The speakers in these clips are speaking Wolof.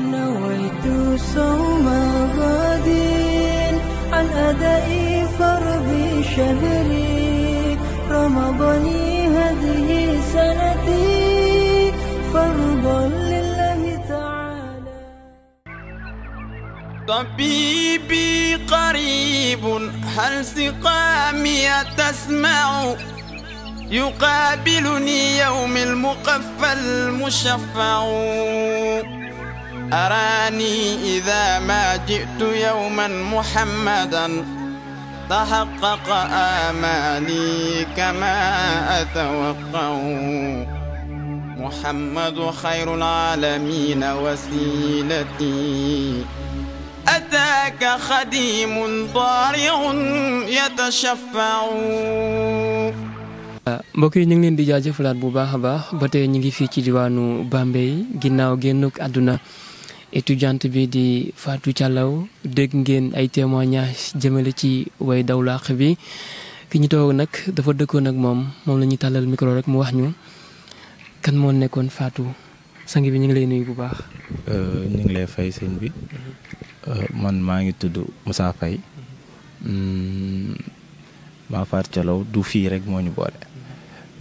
نويت صوم غد عن أداء فرض شهري رمضاني هذه سنتي فرضا لله تعالى طبيبي قريب هل سقامي تسمع يقابلني يوم المقفى المشفع أراني إذا ما جئت يوما محمدا تحقق آماني كما أتوقع محمد خير العالمين وسيلتي أتاك خديم ضارع يتشفع mbokk yi ñu ngi leen di jaajëfalaat bu baax a baax ba tey ñu ngi fii ci diwaanu Bambey ginnaaw génnuk àdduna étudiante bi di faatu calaw dégg ngeen ay témoignages jëmale ci way dawlaax bi ki ñu toog nag dafa dëkkoon ak moom moom lañuy tàllal micro rek mu wax ñu kan moo nekkoon Fatou sang bi ñu ngi lay nuyu bu baax. Euh, ñu ngi lay fay seen bi euh, man maa ngi tudd Moussa Faye hmm, maa Fatou Diallo du fii rek moo ñu boole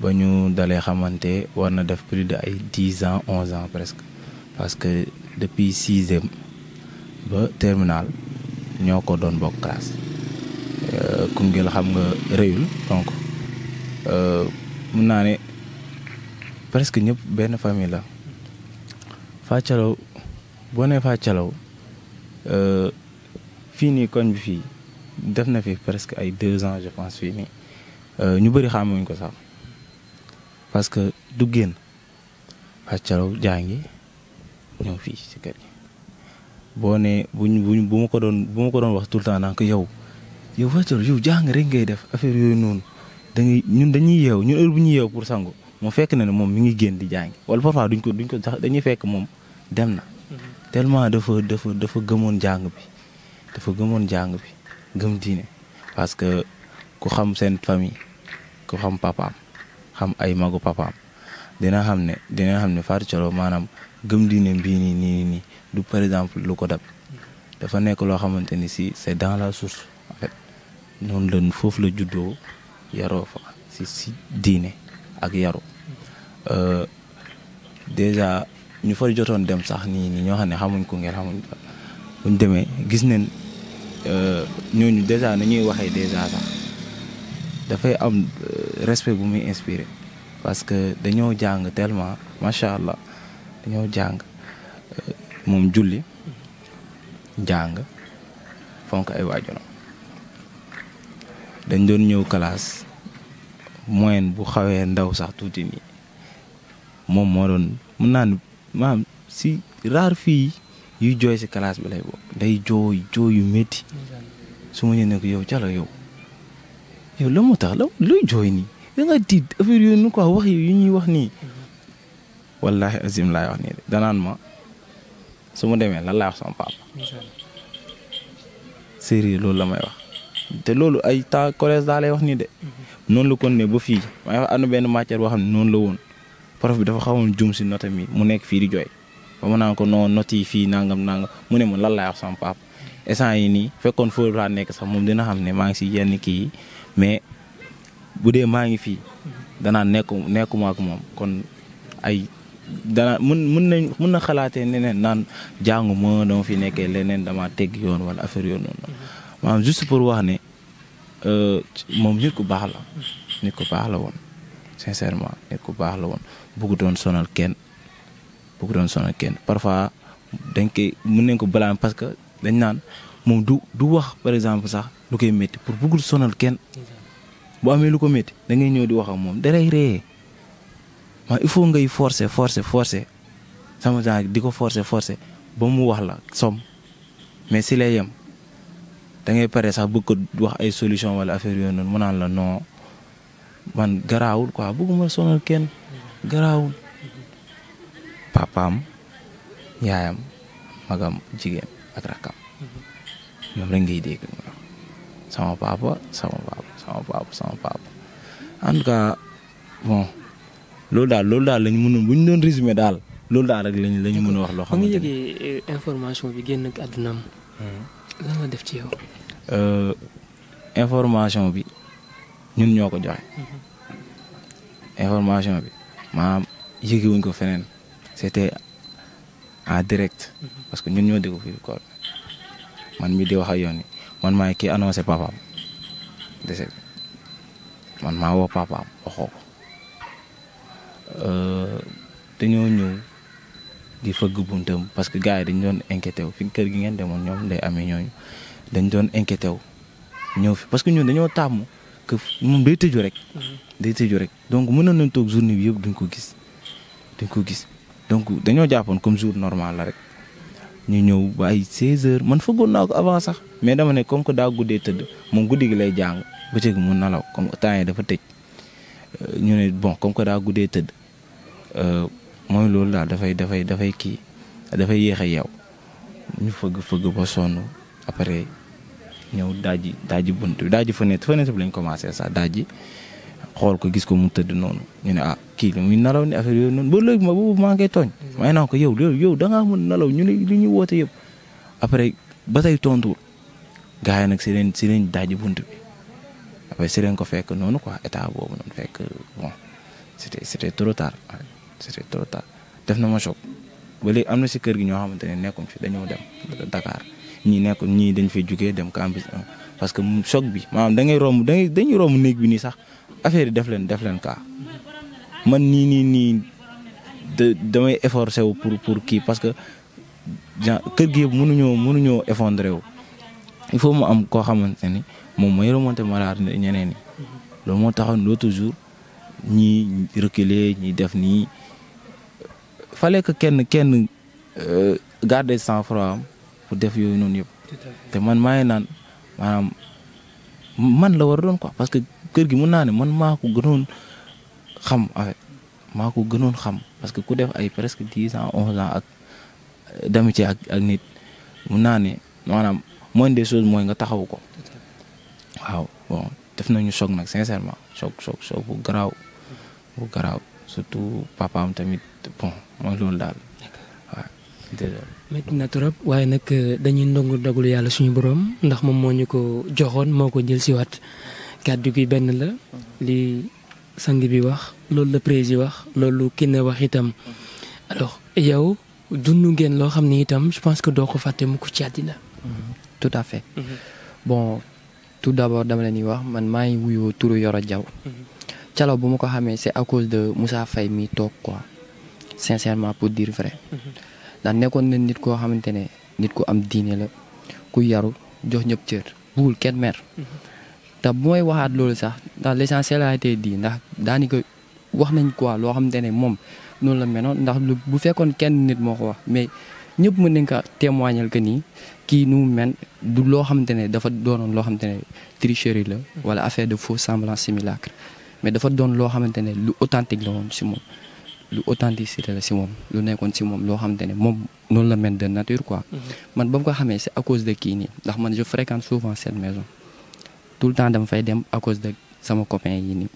ba ñu dalee xamante war na def plus de ay dix ans onze ans presque parce depuis sixième ba terminal ñoo ko doon bokk classe euh, Koungheul xam nga rëyul donc euh, mun naa ne presque ñëpp benn famille la Fathia bone nee Fathia euh, fii nii koñ bi fii def na fi presque ay deux ans je pense fii nii ñu bëri xamuñ ko sax parce que du génn Fathia jàngi ñëw fii si kër gi boo nee buñ buñ bu ma ko doon bu ma ko doon wax tout le temps naan ko yow yow Fatou yow jàng rek ngay def affaire yooyu noonu dañuy ñun dañuy yeew ñun heure bu ñuy yeew pour sangu moo fekk na ne moom mi ngi génn di jàng wala parfois duñ ko duñ ko sax dañuy fekk moom dem na. Mm-hmm. tellement dafa dafa dafa gëmoon jàng bi dafa gëmoon jàng bi gëm diine parce que ku xam seen famille ku xam papaam xam ay magu papaam dina xam ne dina xam ne Fatou Thioro maanaam. gëm diine bii nii nii nii du par exemple lu ko dab dafa nekk loo xamante ni si c'est dans la source en fait noonu la foofu la juddoo yaroo fa si diine ak yaru euh, déjà ñu fa jotoon dem sax nii nii ñoo xam ne xamuñ ko ngeen xamuñ ko demee gis neen euh, ñooñu déjà nañuy waxee déjà sax dafay am euh, respect bu muy inspiré parce que dañoo jàng tellement macha allah. dañoo jàng eh, moom julli jàng fonk ay waajuram dañ doon ñëw classe moyenne bu xawee ndaw sax tuuti nii moom moo doon mën naa ne maam si rare fii yuy jooy si classe bi lay bokk day jooy jooy yu métti su ma ñëwee ko yow calo yow la moo tax la luy jooy nii da nga tiit affaire yooyu nu quoi wax yu ñuy wax nii wallahi azim laay wax nii de danaan ma su ma demee lan laay wax sama papa. séeréer loolu la may wax te loolu ay temps collège daa lay wax nii de. Mm-hmm. noonu la kon ne ba fii may wax am na benn matière boo noonu la woon prof bi dafa xawoon jum si note mi mu nekk fii di jooy ba ma naan ko fii nangam nangam mu ne ma lan laay wax sama papa. essence mm-hmm. yi nii fekkoon foofu laa nekk sax moom dina xam ne maa ngi si yenn kii mais bu dee maa ngi fii mm-hmm. danaa nekku nekkuma ak moom kon ay dana mën mën nañ mën na xalaatee neneen naan jàngu ma dama fi nekkee leneen dama tegg yoon wala affaire yoon noonu maanaam juste pour wax ne euh, moom nit ku baax la nit ku baax la woon sincèrement nit baax la woon bugg doon sonal kenn bugg doon sonal kenn parfois dañ koy mën nañ ko balaam parce que dañ naan moom du du wax par exemple sax lu koy métti pour buggul sonal kenn bu amee lu ko métti da ngay ñëw di wax ak moom dalay ree man il faut ngay forcer forcer forcer sama genre di ko forcer forcer ba mu wax la som mais si lay yam dangay ngay pare sax bëgg ko wax ay solution wala affaire yooyu noonu mu naan la non man garaawul quoi bëgguma sonal kenn garaawul papaam yaayam magam jigéen ak rakkam ñoom rek ngay dégg sama papa sama papa sama papa sama papa en tout cas loolu daal loolu daal lañ mënoon bu doon résumé daal loolu daal rek lañ lañ mën a wax. loo eh, information bi génn ak hmm. def ci euh, bi ñun ñoo ko joxe. Hmm. information bi maanaam yëgee wuñ ko feneen c'était en direct. Hmm. parce que ñun ñoo déglu fii man mii di wax ak yoon yi man maay kii annoncé papaam man maa woo papaam waxoo Euh, dañoo ñëw di fëgg buntam parce que gars yi dañ doon inquiété wu fi kër gi ngeen demoon ñoom day amee ñooñu dañ doon inquiété wu ñëw fi parce que ñun dañoo tàmm que moom day rek. Mm-hmm. day tëju rek donc mënoon nañ toog journée bi yëpp duñ ko gis duñ ko gis donc dañoo jàppoon comme jour normal la rek ñu ñëw ba ay 16 heures man fëggoon naa ko avant sax mais dama ne comme que daa guddee tëdd moom guddi gi lay jàng bëccëg mun na law temps yi dafa tëj. ñu ne bon comme que daa guddee tëdd euh, mooy loolu daal dafay dafay dafay kii dafay yéex a yeew ñu fëgg fëgg ba sonn après ñëw daaji daaji bunt bi daaji fenêtre fenêtre bi lañ commencé sax daaji xool ko gis ko mu tëdd noonu ñu ne a ah, kii la muy nalaw ni affaire yooyu noonu ba léegi ma boobu maa ngi koy tooñ. may naa ko yow loolu yow da ngaa mën nalaw ñu ne li ñu woote yëpp après ba tey tontuwul gars yi nag si leen si leen bunt bi. après ko fekk noonu quoi état boobu noonu fekk bon c'était c'était trop tard c'était def na ma choc ba am na si kër gi ñoo xamante ne nekkuñ fi dañoo dem Dakar ñii nekkul ñii dañ fay jugee dem campus parce que choc bi maanaam da ngay romb da dañuy romb néeg bi nii sax affaire yi defleen def leen kaa man nii nii nii da damay efforcé wu pour pour kii parce que genre kër gi yëpp mënuñoo mënuñoo effondré wu. il faut mu am koo xamante ni moom mooy remonter moral ñeneen ñi. loolu moo taxoon l'autre toujours ñii reculer ñi def nii fallait que kenn kenn euh, garder sang-froid am pour def yooyu noonu yëpp. te man maa ngi naan maanaam man la war a doon quoi parce que kër gi mun naa ne man maa ko gënoon xam en maa ko gënoon xam parce que ku def ay presque diis ans onze ans ak euh, d'amitié ak ak nit mun naa ne moindre des choses mooy nga taxaw ko waaw bon def nañu soog nag sincèrement soog soog choc bu garaaw bu garaaw surtout papaam tamit bon mooy loolu daal waaw na trop waaye nag euh, dañuy ndongu dogalu yàlla suñu borom ndax moom moo ñu ko joxoon moo ko jël si waat kàddu gi benn la li sang bi wax loolu la président wax loolu ki ne wax itam alors yow dund ngeen loo xam ne itam je pense que doo ko fàtte mu ko ci àddina mhm. tout à fait. Mhm. bon tout d'abord dama leen di wax man maa wuyoo turu Yoro Diaw. Mhm. Calaw bu ma ko xamee c'est à cause de Moussa Faye mi toog quoi sincèrement pour dire vrai. Mhm. ndax nekkoon na nit koo xamante ne nit ku am diine la ku yaru jox ñëpp cër buggul kenn mer. te bu may waxaat loolu sax ndax l'essentiel a été dit ndax daanaka wax nañ quoi loo xamante ne moom noonu la menoon ndax bu fekkoon kenn nit moo ko wax ñëpp mën nañ ko témoignal que nii kii nu mu mel du loo xamante ne dafa doonoon loo xamante ne tricherie la wala affaire de faux semblant simulacre mais dafa doon loo xamante ne lu authentique la woon si moom lu authenticité la si moom lu nekkoon si moom loo xamante ne moom noonu la mel de nature quoi mhm. man ba mu ko xamee c'est à de kii nii ndax man je fréquente souvent cette maison tout le temps dama fay dem à cause de sama copain yi nii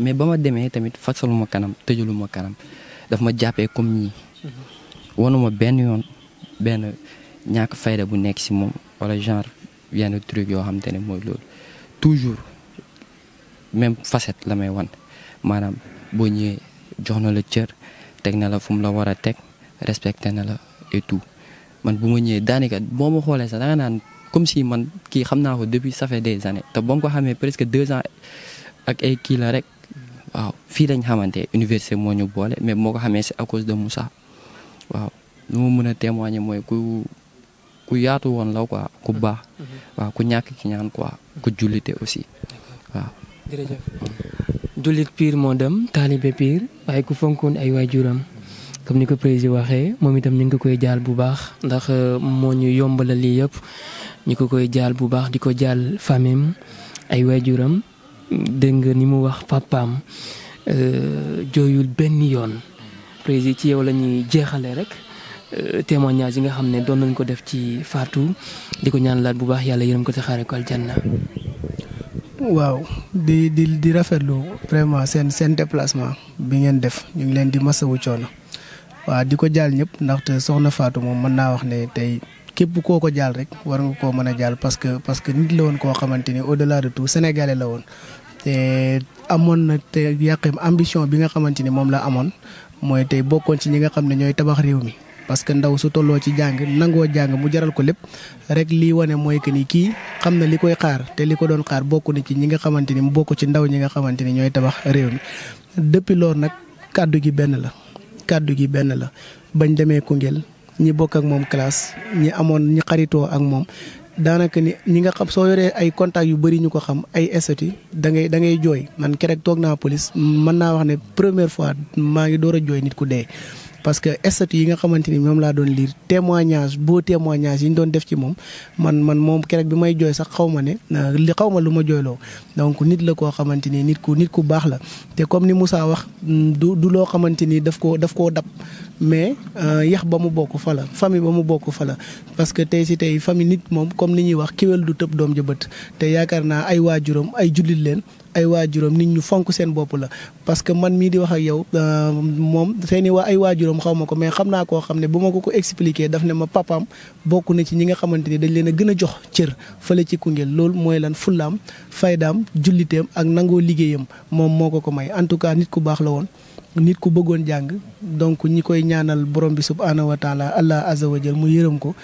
mais ba ma demee tamit fasaluma kanam tëjaluma kanam daf ma jàppee comme ñii mhm. wanuma benn yoon benn ñàkk fayda bu nekk si moom wala genre yenn truc yoo xam te ne mooy loolu toujours même facet la may wan maanaam boo ñëwee jox na la cër teg na la fu mu la war a teg respecté na la et tout man bu ma ñëwee daanaka boo ma xoolee sax da nga naan comme si man kii xam naa ko depuis ça fait des années te ba ko xamee presque deux ans ak ay kii la rek waaw fii dañ xamante université moo ñu boole mais moo ko xamee si à cause de Moussa waaw nu ma mën a témoigner mooy ku ku yaatu woon la quoi ku mm-hmm. baax. Mm-hmm. waaw ku ñàkk ki ñaan quoi ku jullite aussi waaw. jullit piir moo dem taalibe piir waaye ku fonk ay waajuram comme ni ko président waxee moom itam ñu ngi ko koy jaal bu baax ndax euh, moo ñu yombalal lii yëpp ñu ko koy jaal bu baax di ko jaal famem ay waajuram dégg nga ni mu wax papaam euh, jooyul benn yoon. prési ci yow lañuy ñuy jeexale rek euh, témoignage yi nga xam ne doon nañ ko def ci faatu di ko ñaan laat bu baax yàlla yërëm ko te xaare ko aljanna waaw di di di rafetlu vraiment seen seen déplacement bi ngeen def ñu ngi leen di masawu coono waaw di ko jaal ñëpp ndaxte soxna faatu moom mën naa wax ne tey képp koo ko jaal rek war nga koo mën a jaal parce que parce que nit la woon koo xamante ni au delà de tout sénégalais la woon. te amoon na te yàqeem ambition bi nga xamante ni moom la amoon mooy tey bokkoon ci ñi nga xam ne ñooy tabax réew mi parce que ndaw su tolloo ci jàng nangoo jàng mu jaral ko lépp rek lii wane mooy que ni kii xam na li koy xaar te li ko doon xaar bokk na ci ñi nga xamante ni mu bokk ci ndaw ñi nga xamante ni ñooy tabax réew mi. depuis loolu nag kàddu gi benn la kàddu gi benn la bañ demee Koungheul ñi bokk ak moom classe ñi amoon ñi xaritoo ak moom daanaka ni ñi nga xam soo yoree ay contacts yu bëri ñu ko xam ay estati da ngay da jooy man keroog toog naa police mën naa wax ne première fois maa ngi door a jooy nit ku dee. parce que estati yi nga xamante ni moom laa doon lire témoignage beau témoignage yi ñu doon def ci moom man man moom keroog bi may jooy sax xaw ma ne li xaw ma lu ma jooyloo donc nit la koo xamante ni nit ku nit ku baax la te comme ni Moussa wax du du loo xamante ni daf koo daf koo dab. mais euh, yax ba mu bokk fa la famille ba mu bokk fa la parce que tey si tey famille nit moom comme ni ñuy wax kéwél du tëb doom ja bët te yaakaar naa ay waajuram ay jullit leen ay waajuram nit ñu fonk seen bopp la parce que man mii di wax ak yow euh, moom seeni waa ay waajuram xaw ma ko mais xam naa koo xam ne bu ma ko ko expliquer daf ne ma papaam bokk na ci ñi nga xamante ni dañ leen a gën a jox cër fële ci Koungheul loolu mooy lan fullaam faydaam julliteem ak nangoo liggéeyam moom moo ko ko may en tout cas nit ku baax la woon nit ku bëggoon jàng donc ñi koy ñaanal borom bi subhaanahu wa taala allah azza wa jal mu yërëm ko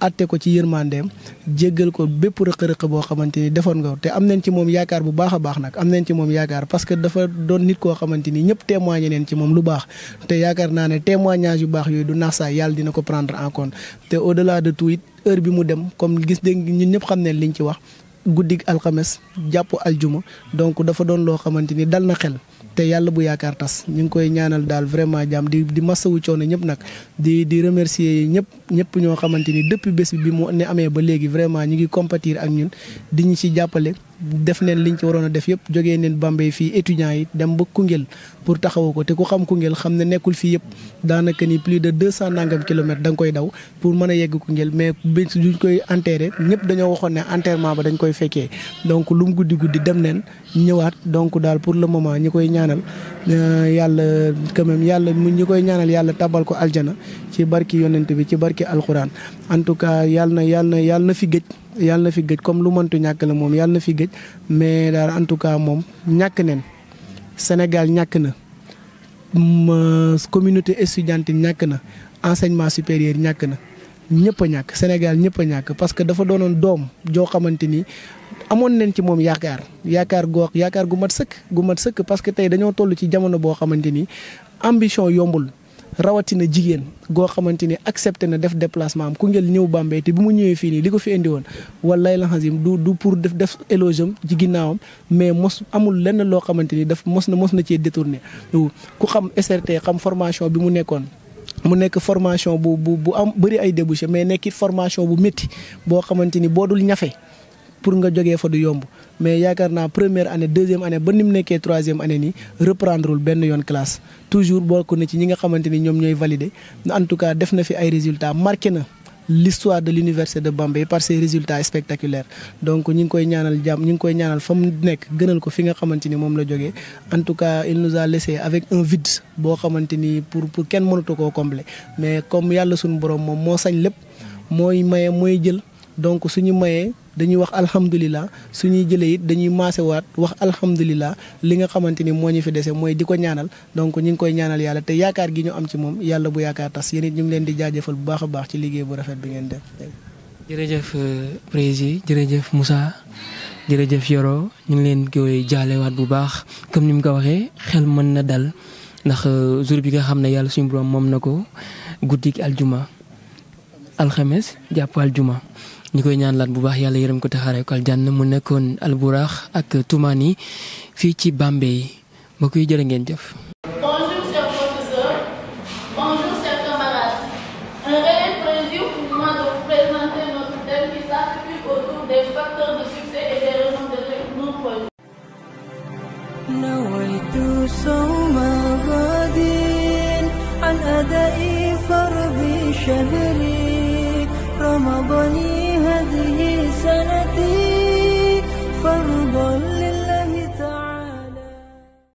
atte ko ci yërmandeem jéggal ko bépp rëq-rëq boo xamante ni defoon nga te am nañ ci moom yaakaar bu baax a baax nag am nañ ci moom yaakaar parce que dafa doon nit koo xamante ni ñëpp témoigné neen ci moom lu baax te yaakaar naa ne témoignage yu baax yooyu du nax saa yàlla dina ko prendre en compte te au delà de tout it heure bi mu dem comme gis dégg ñun ñëpp xam ne liñ ci wax guddig alxames jàpp aljuma donc dafa doon loo xamante ni dal na xel te yàlla bu yaakaar tas ñu ngi koy ñaanal daal vraiment jàmm di di masawu coono ñëpp nag di di remercier ñëpp ñëpp ñoo xamante ni depuis bés bi mu ne amee ba léegi vraiment ñu ngi compatir ak ñun di ñu ci jàppale def neen ñu ci waroon a def yëpp jogee neen Bambey fii étudiants yi dem ba Koungheul pour taxawu ko te ku xam ku Koungheul xam ne nekkul fii yëpp daanaka ni plus de deux cent nangam kilomètres da nga koy daw pour mën a yegg Koungheul mais bi ñu koy enterré ñëpp dañoo waxoon ne enterrement ba dañ koy fekkee donc lu mu guddi guddi dem neen ñëwaat donc daal pour le moment ñi koy ñaanal euh, yàlla quand même yàlla ñi koy ñaanal yàlla tabal ko aljana ci barki yonent ci barki barke alxuraan en tout cas yàlla na yàlla na yàlla na fi géej yàlla na fi géej comme lu mëntu ñàkk la moom yàlla na fi géej mais daal en tout cas moom ñàkk neen Sénégal ñàkk na communauté étudiante ñàkk na enseignement supérieur ñàkk na ñëpp ñàkk Sénégal ñëpp a ñàkk parce que dafa doonoon doom joo xamante ni amoon nañ ci moom yaakaar yaakaar goox yaakaar gu mat sëkk gu mat sëkk parce que tey dañoo toll ci jamono boo xamante ni ambition yombul. rawatina jigéen goo xamante ni accepté na def déplacement am Koungheul ñëw Bambey te bi mu ñëwee fii nii li ko fi indi woon wallaay laxasim du du pour def def éloge ci ginnaawam mais mos amul lenn loo xamante ni daf mos na mos na cee détourné ku xam SRT xam formation bi mu nekkoon. mu nekk formation bu bu bu am bëri ay débouché mais nekkit formation bu métti boo xamante ni boo dul ñafe. pour nga jógee fa du yomb mais yaakaar naa première année deuxième année ba ni mu nekkee troisième année nii reprendrewul benn yoon classe toujours bokk na ci ñi nga xamante ni ñoom ñooy valider en tout cas def na fi ay résultats marqué na. l'histoire de l'université de Bambey par ses résultats spectaculaires donc ñu ngi koy ñaanal jàmm ñu ngi koy ñaanal fa mu nekk gënal ko fi nga xamante ni moom la jógee en tout cas il nous a laissé avec un vide boo xamante ni pour pour kenn mënatu koo combler mais comme yàlla suñu borom moom moo sañ lépp mooy maye mooy jël. donc suñu mayee dañuy wax su ñuy jëlee it dañuy waat wax alhamdulilah li nga xamante ni moo ñu fi desee mooy di ko ñaanal donc ñu ngi koy ñaanal yàlla te yaakaar gi ñu am ci moom yàlla bu yaakaar tas yéen it ñu di jaajëfal bu baax a baax bu rafet ngeen def. jërëjëf euh, jërëjëf Moussa jërëjëf Yoro ñu ngi leen koy jaalewaat bu baax comme ni mu ko waxee xel mën na dal ndax euh, jour bi nga xam ne yàlla suñu borom moom na ko guddik aljuma alxames jàpp aljuma ñu koy ñaan laat bu baax yàlla yërëm ko taxaare ko aljanna mu nekkoon alburaax ak tumaani fii ci Bambey ba koy jërë ngeen jëf. Bonjour chers professeurs, bonjour chers camarades. Un réel